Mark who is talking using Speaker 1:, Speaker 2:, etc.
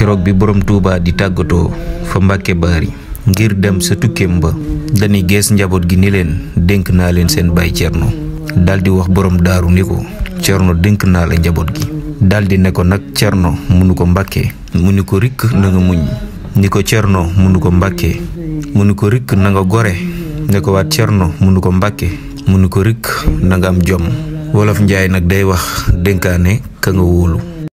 Speaker 1: kirok bi borom Touba di tagoto fa mbake bari ngir dem sa tukem ba dani ges njabot gi nilen denk na len sen bay cierno daldi wax borom daru niko cierno Cerno na la njabot gi daldi ne ko nak Cerno munu mbake munuko rik na nga muñ niko cierno Cerno munu munuko rik na nga gore ne ko Cerno munu mbake munuko rik na nga am jom wolof njaay nak day wax denkane ka nga wóolu